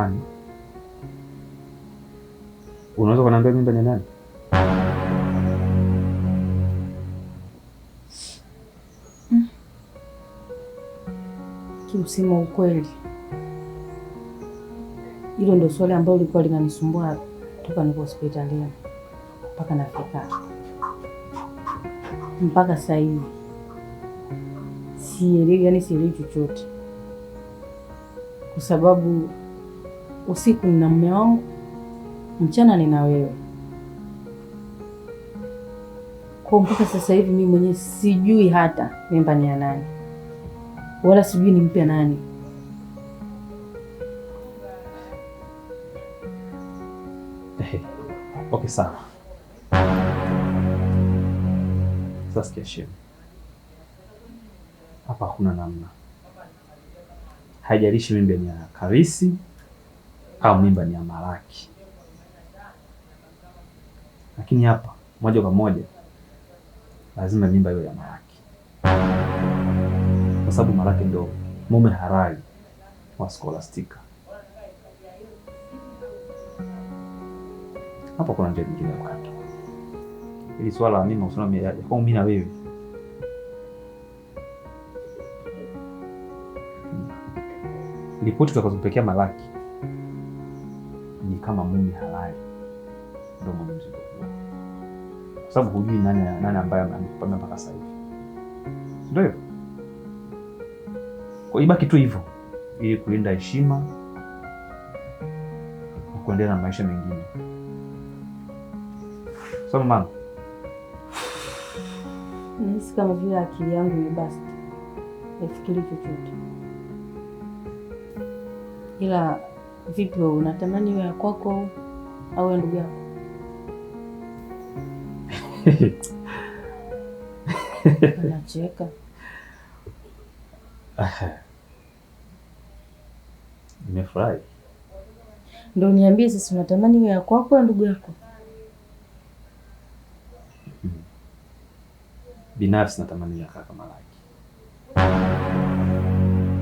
amani, unaweza kuniambia mimba ni nani? Kiusema ukweli, hilo ndio swali ambalo lilikuwa linanisumbua toka niko hospitalini mpaka nafika mpaka sasa hivi sielewi, yani sielewi chochote kwa sababu Usiku nina mume wangu, mchana nina wewe. Kwa mpaka sasa hivi mimi mwenyewe sijui hata mimba ni ya nani, wala sijui ni mpya nani. Hey, okay, sawa Saskia hapa hakuna namna, haijalishi mimba ni ya Karisi au mimba ni ya maraki Lakini hapa moja kwa moja lazima mimba hiyo ya maraki kwa sababu maraki ndio mume harai wa Skolastika. Hapa kuna njia nyingine ya kukata ili swala la mimba ya kwangu mimi na wewe ripoti tutakazopekea Malaki kama mimi halali, ndio mwenye mzigo huo, kwa sababu hujui nani nani ambaye amekupamia mpaka sasa hivi. Ndio hivyo, kwa ibaki tu hivyo, ili kulinda heshima na kuendelea na maisha mengine. So mama, nahisi kama vile akili yangu ni basta, nifikiri chochote ila Vipi wewe unatamani iwe ya kwako au ya ndugu yako? Unacheka. Nimefurahi. Ndio niambie sasa, unatamani iwe ya kwako au ndugu yako? Mm-hmm. Binafsi natamani ya kaka Malaki.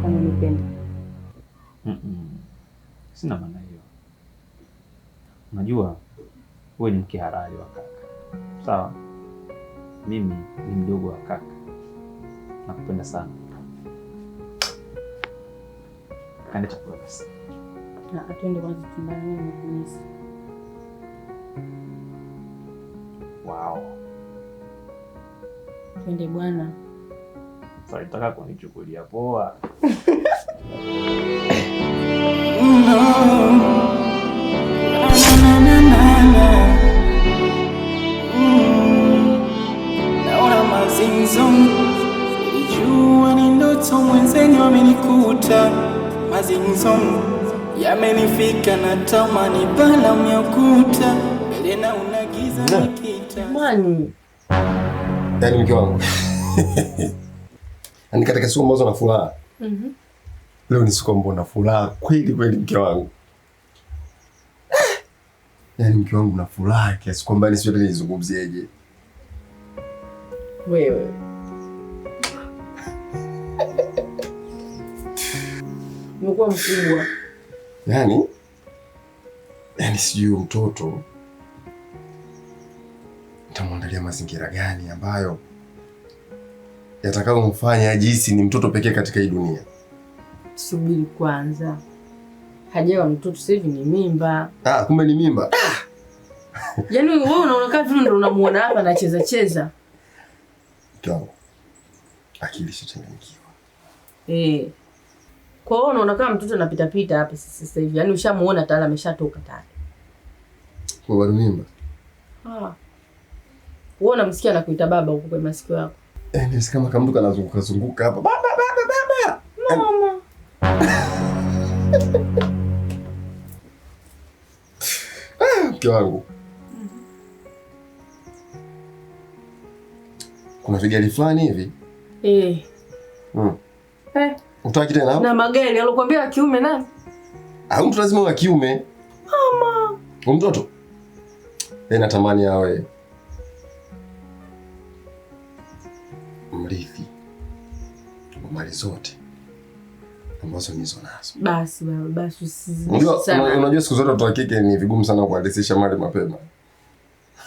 nini nipenda. Mm -mm. Sina maana hiyo. Unajua wewe ni mke halali wa kaka, sawa? Mimi ni mdogo wa kaka, nakupenda sana. kaenda chakula basi. Atende kwanza chumbani nikunyesi. Wow. Twende bwana. Salitaka kunichukulia poa. Nilijua ni ndoto mwenzeni wamenikuta mazinzo yamenifika na tamani balamu ya mbele na unagiza nikita mani yani mke wangu ni yaani katika siku ambazo na furaha mhm. Leo ni siku ambayo na furaha kweli kweli, mke wangu yaani mke wangu na furaha kiasi kwamba nisijue yaani nizungumzieje. Wewe Mkuu mkubwa yaani, yaani sijui mtoto nitamwandalia mazingira gani ambayo yatakayomfanya ajihisi ni mtoto pekee katika hii dunia subiri kwanza, hajawa mtoto sasa hivi ni mimba. Ah, kumbe ni mimba. Ah! Yaani wewe unaona kama vile ndio unamuona hapa anacheza cheza. Tangu akili sio sichanganyikiwa. Eh. Kwa hiyo unaona kama mtoto anapita pita hapa sasa hivi. Yaani ushamuona tayari ameshatoka tayari. Kwa bado mimba. Ah. Wewe unamsikia anakuita baba huko kwa masikio yako. Eh, ndio kama kama mtu kanazunguka zunguka hapa. Baba baba baba. No, mke wangu kuna vigari fulani hivi e. eh. Hmm. eh. utaki tena na magari alokuambia wa kiume na au ah, mtu lazima wa kiume mama mtoto yeye eh, natamani awe mrithi wa mali zote ambazo nizo nazo. Basi baba, basi usizidi Unajua siku zote watoto kike ni vigumu sana kuhadithisha mali mapema.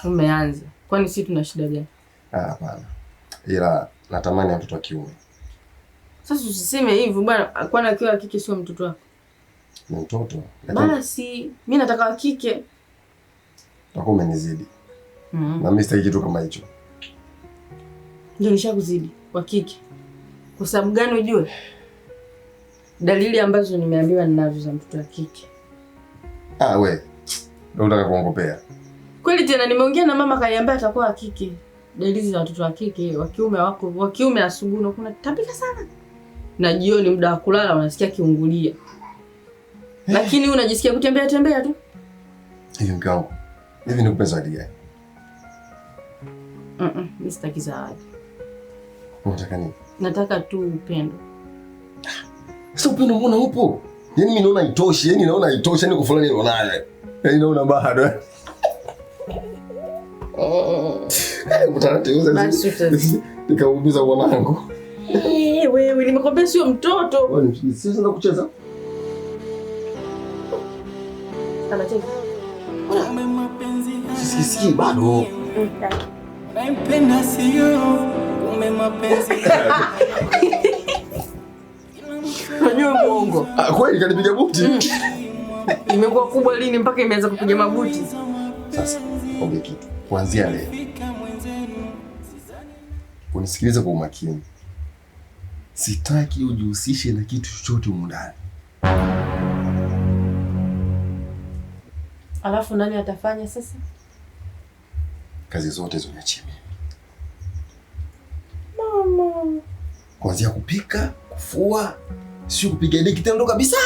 Umeanza. Kwani sisi tuna shida gani? Ah, hapana. Ila natamani mtoto wa kiume. Sasa usiseme hivyo bwana, kwani akiwa kike sio mtoto wako? Ni mtoto. Basi mimi nataka wa kike. Utakuwa umenizidi. Mm -hmm. Na mimi sitaki kitu kama hicho. Ndio nishakuzidi wa kike. Kwa sababu gani ujue? dalili ambazo nimeambiwa ninazo za mtoto wa kike. Ah, we ndio unataka kuongopea kweli? Tena nimeongea na mama kaniambia atakuwa wa kike. Dalili za watoto wa kike, wa kiume wako, wa kiume asubuhi unakuwa tabika sana na jioni muda wa kulala unasikia kiungulia, eh. lakini unajisikia kutembea tembea tu hivi. Mke wangu, hivi nikupe zawadi gani? Mm, mimi sitaki zawadi. Unataka nini? Nataka tu upendo. Ah. Sasa upendo mbona upo? Yaani mimi naona itoshi, yaani naona haitoshi, yaani kufulani naonaye. Yaani naona bado. Mtarati yaani Nikaumiza mwanangu. Eh, wewe nimekwambia sio mtoto. Wewe sio na kucheza. Sisikii bado. Eh, Nampenda sio, ume mapenzi. wewe muongo. Ah, kweli kanipiga buti. Mm. Imekuwa kubwa lini mpaka imeanza kupiga mabuti? Sasa Oge kitu. Kuanzia leo unisikilize kwa umakini, sitaki ujihusishe na kitu chochote humu ndani. Alafu nani atafanya sasa? Kazi zote zoniachie mimi mama, kuanzia kupika, kufua sio kupigania kitendo kabisa.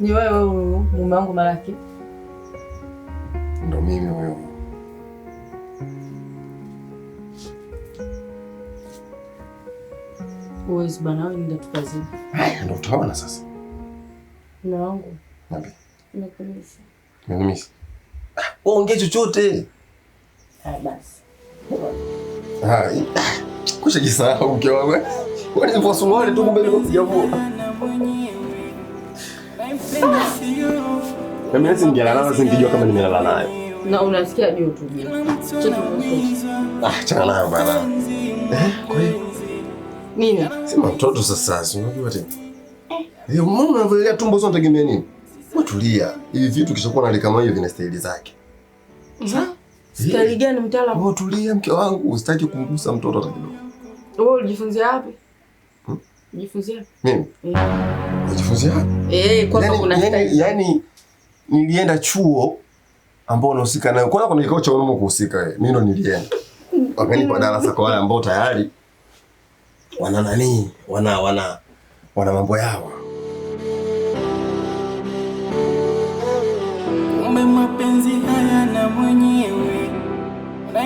Ni wewe mume wangu Malaki? Ndo mimi huyo. Uwezi bana, wewe nenda tukazini. Haya ndo utaona sasa. Mume wangu. Napi? Nakumisi. Nakumisi. Ongea chochote. Haya basi. Hai. Kusha jisahau mke wangu. Wewe ni mvua suruali tu kumbe nilikuwa sijavua. Na mimi singelala na singejua kama nimelala nayo. Na unasikia juu tu je. Ah, chana nayo bana. Eh, kwa hiyo nini? Sema mtoto sasa, si unajua tena. Eh, mama anavyolia tumbo zote, unategemea nini? Wewe tulia. Hivi vitu kishakuwa na hali kama hiyo vinastahili zake. Sawa? Staili eh, gani mtaalamu? Wewe tulia mke wangu, usitaki kumgusa mtoto hata kidogo. Wewe ulijifunzia wapi? Hmm? Ujifunzia? Mimi. Ujifunzia? Eh, eh kwa sababu yaani, kuna yaani, staili. Yaani nilienda chuo ambao unahusika nayo. Kwanza kuna kikao cha wanaume kuhusika wewe. Eh. Mimi ndo nilienda. Wakanipa darasa kwa wale ambao tayari wana nani? Wana wana wana mambo yao.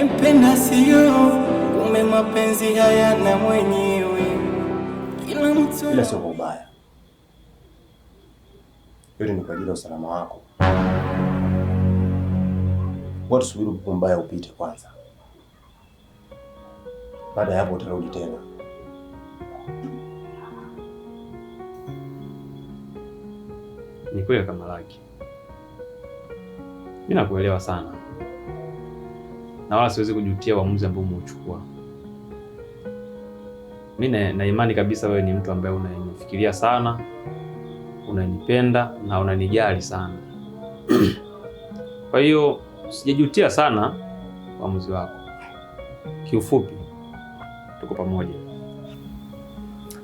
Nimpenda sio, ume mapenzi haya na mwenyewe kila mtu. Ila sio ubaya, yote ni kwa ajili ya usalama wako. Watu subiri mbaya upite kwanza, baada ya hapo utarudi tena. Ni kweli kama laki, mimi nakuelewa sana na wala siwezi kujutia uamuzi ambao umeuchukua. Mi na imani kabisa wewe ni mtu ambaye unanifikiria sana, unanipenda na unanijali sana kwa hiyo sijajutia sana uamuzi wako. Kiufupi, tuko pamoja.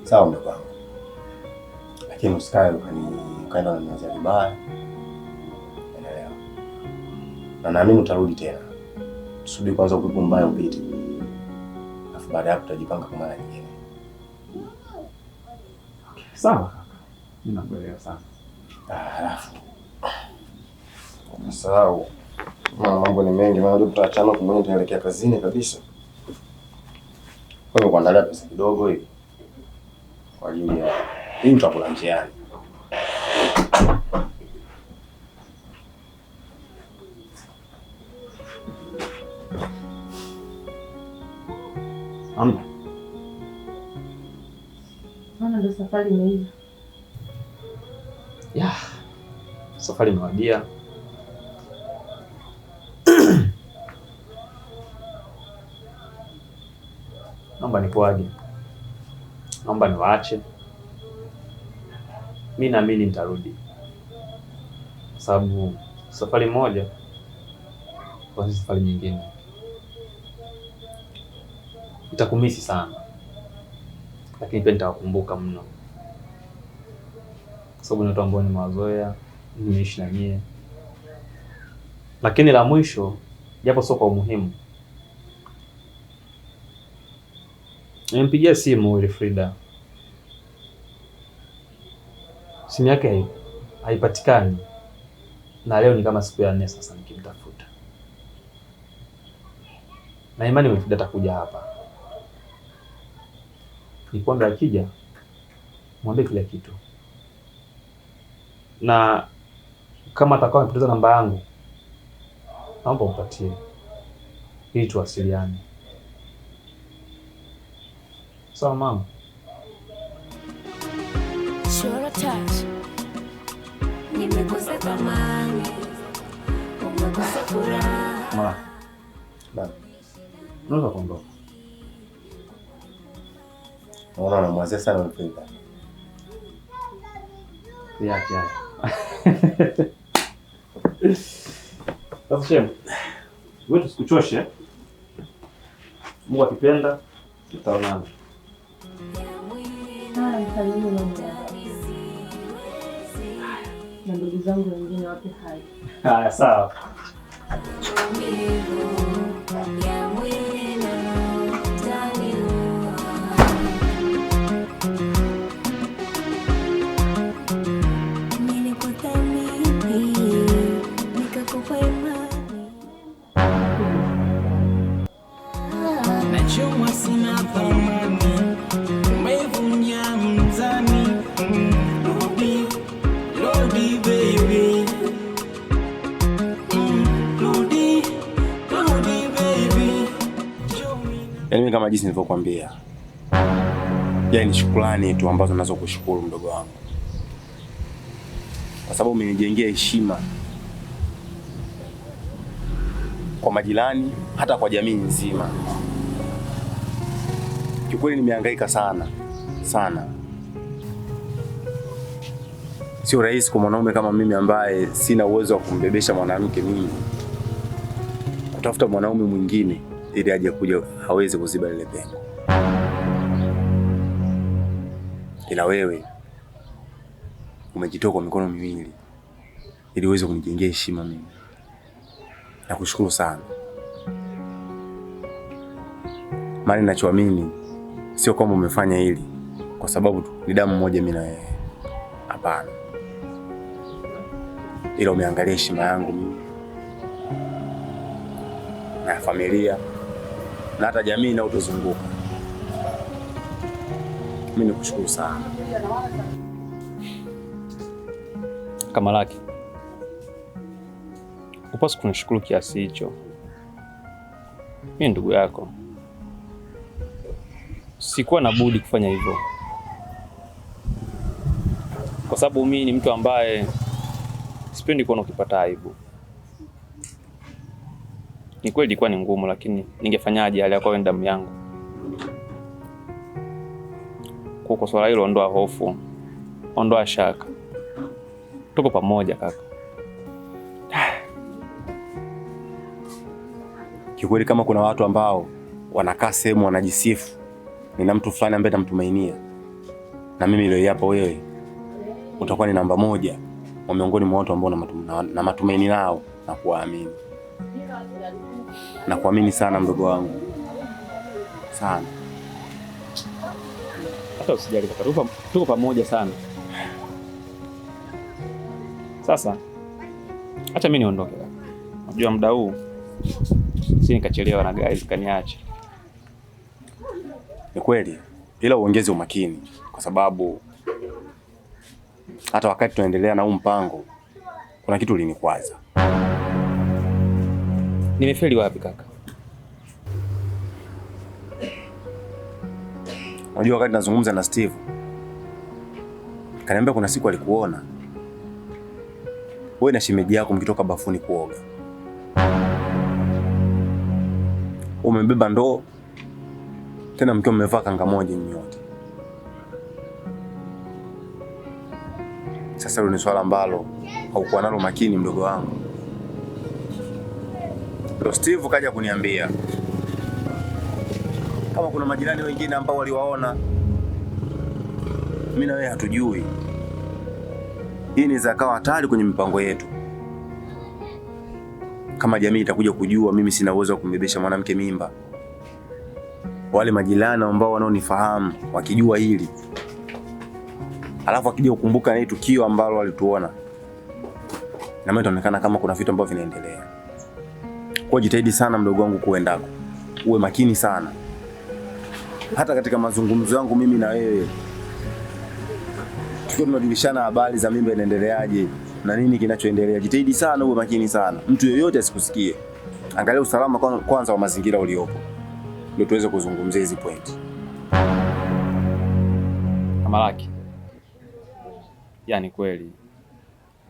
Sawa mdogo wangu, lakini usikae ukaenda unaniwazia vibaya, naelewa na naamini utarudi tena kusudi kwanza upepo mbaya upite, alafu baada ya hapo tutajipanga kwa mara nyingine. Okay, sawa kaka, ninakuelewa sana. Ah, alafu sawa, sahau ah, mambo ni mengi, maana tutaachana kumwona, tunaelekea kazini kabisa. Kwa Kuandalia pesa kidogo hivi kwa ajili ya hii, tutakula njiani. Hamna. ndo safari imeisha. Ya. Safari imewadia. Naomba nikuage. Naomba niwaache. Mi naamini nitarudi, kwa sababu safari moja kwa safari nyingine nitakumisi sana, lakini pia nitawakumbuka mno, kwa sababu ni watu ambao nimewazoea, nimeishi na nyie. Lakini la mwisho, japo sio kwa umuhimu, nimempigia simu Wilfrida, simu yake haipatikani, na leo ni kama siku ya nne sasa nikimtafuta, na imani Wilfrida atakuja hapa ni kwamba akija mwambie kila kitu, na kama atakuwa amepoteza namba yangu naomba upatie ili tuwasiliane. Sawa mama? Unaweza kuondoka. Naona anamwazia sana mpenda. Yeah, yeah. Sasa shem. Wewe tusikuchoshe. Mungu akipenda tutaonana. Ah, Na ndugu zangu wengine wapi hai? Haya, sawa. Yaani mimi kama jinsi nilivyokuambia, yaani ni shukrani tu ambazo nazo kushukuru mdogo wangu, kwa sababu umenijengea heshima kwa majirani, hata kwa jamii nzima. Kiukweli nimehangaika sana sana sio rahisi kwa mwanaume kama mimi ambaye sina uwezo wa kumbebesha mwanamke mimi kutafuta mwanaume mwingine ili aje kuja aweze kuziba lile pengo, ila wewe umejitoa kwa mikono miwili ili uweze kunijengea heshima mimi. Nakushukuru sana, maana ninachoamini sio kwamba umefanya hili kwa sababu ni damu moja mimi na wewe, hapana ila umeangalia heshima yangu mimi na familia na hata jamii inayotuzunguka. Mimi nikushukuru sana kama laki upasi kunishukuru kiasi hicho. Mimi ndugu yako, sikuwa na budi kufanya hivyo, kwa sababu mimi ni mtu ambaye sipendi kuona ukipata aibu. Ni kweli ilikuwa ni ngumu, lakini ningefanyaje? Hali yako damu yangu. Kwa swala hilo, ondoa hofu, ondoa shaka, tuko pamoja kaka. Kiukweli, kama kuna watu ambao wanakaa sehemu wanajisifu, nina mtu fulani ambaye namtumainia, na mimi hapa, wewe utakuwa ni namba moja wa miongoni mwa watu ambao na matumaini nao na kuwaamini na kuamini sana, mdogo wangu sana. Hata usijali kaka, tuko pamoja sana. Sasa acha mimi niondoke kaka, unajua muda huu si nikachelewa na gari kaniache. Ni kweli, ila uongeze umakini kwa sababu hata wakati tunaendelea na huu mpango, kuna kitu linikwaza. Nimefeli wapi kaka? Unajua, wakati nazungumza na Steve kaniambia kuna siku alikuona wewe na shemeji yako mkitoka bafuni kuoga, umebeba ndoo tena mkiwa mmevaa kanga moja nyote. Sasa hilo ni swala ambalo haukuwa nalo makini, mdogo wangu. Ndio Steve kaja kuniambia kama kuna majirani wengine ambao waliwaona, mimi na wewe hatujui. Hii inaweza kawa hatari kwenye mipango yetu. Kama jamii itakuja kujua mimi sina uwezo wa kumbebesha mwanamke mimba, wale majirani ambao wanaonifahamu wakijua hili alafu akija kukumbuka ile tukio ambalo alituona na mimi tunaonekana kama kuna vitu ambavyo vinaendelea. Kwa jitahidi sana mdogo wangu kuendako, uwe makini sana hata katika mazungumzo yangu mimi na wewe, tukiwa tunajulishana habari za mimba inaendeleaje na nini kinachoendelea. Jitahidi sana uwe makini sana, mtu yeyote asikusikie. Angalia usalama kwanza wa mazingira uliopo, ndio tuweze kuzungumzia hizi pointi. Kamalaki. Yani kweli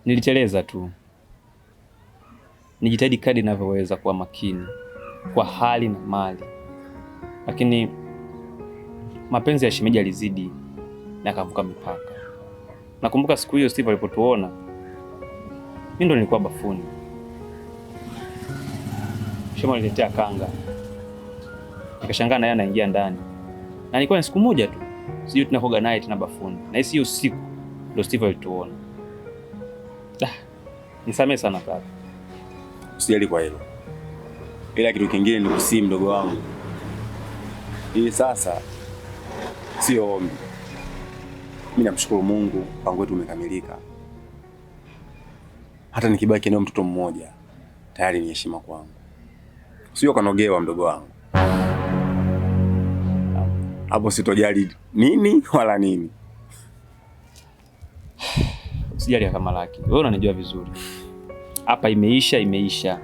nilicheleza tu, nijitahidi kadi ninavyoweza kuwa makini kwa hali na mali, lakini mapenzi ya shemeji alizidi na akavuka mipaka. Nakumbuka siku hiyo Steve alipotuona, mimi ndo nilikuwa bafuni, Shema aliletea kanga, nikashangaa naye anaingia ndani, na nilikuwa ni siku moja tu, sijui tunakoga naye tena bafuni, na hii siyo siku ndo Steve alituona. Ah, nisamee sana kaka. Usijali kwa hilo. Ila kitu kingine ni kusii, mdogo wangu, hii sasa sio ombi. Mimi namshukuru Mungu, mpango wetu umekamilika. Hata nikibaki nayo mtoto mmoja tayari ni heshima kwangu, sio kanogewa, mdogo wangu hapo sitojali nini wala nini kama laki. wewe unanijua vizuri hapa. Imeisha, imeisha.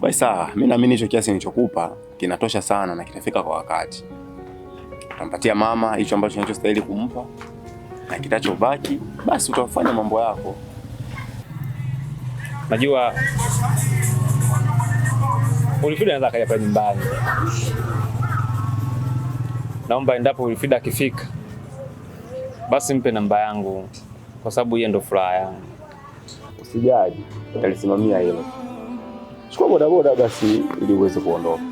Basi sawa, mimi naamini hicho kiasi nilichokupa kinatosha sana na kitafika kwa wakati. Utampatia mama hicho ambacho ninachostahili kumpa na kitachobaki basi utafanya mambo yako. Najua Wilfrida anaweza akaja pale nyumbani. Naomba endapo Wilfrida akifika basi mpe namba yangu, kwa sababu yeye ndo furaha yangu. Usijali, utalisimamia hilo. Chukua bodaboda basi ili uweze kuondoka.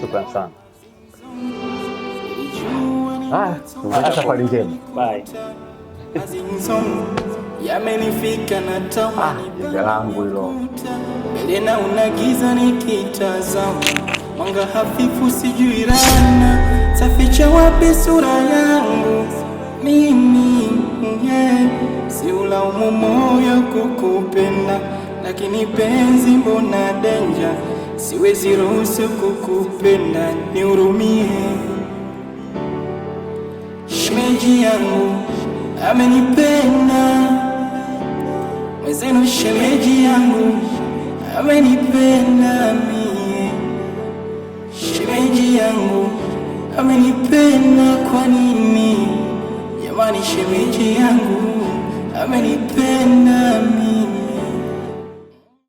Shukrani sana. Ah, Safari njema. Bye. Yamenifika na tamanlangu ah, hilo elena unagiza nikitazama mwanga hafifu sijui rana taficha wapi sura yangu mimi yeah. Si ulaumu moyo kukupenda, lakini penzi mbona denja, siwezi ruhusu kukupenda, nihurumie shemeji yangu amenipenda mwezenu, shemeji yangu amenipenda mie, shemeji yangu amenipenda kwa nini? Jamani shemeji yangu amenipenda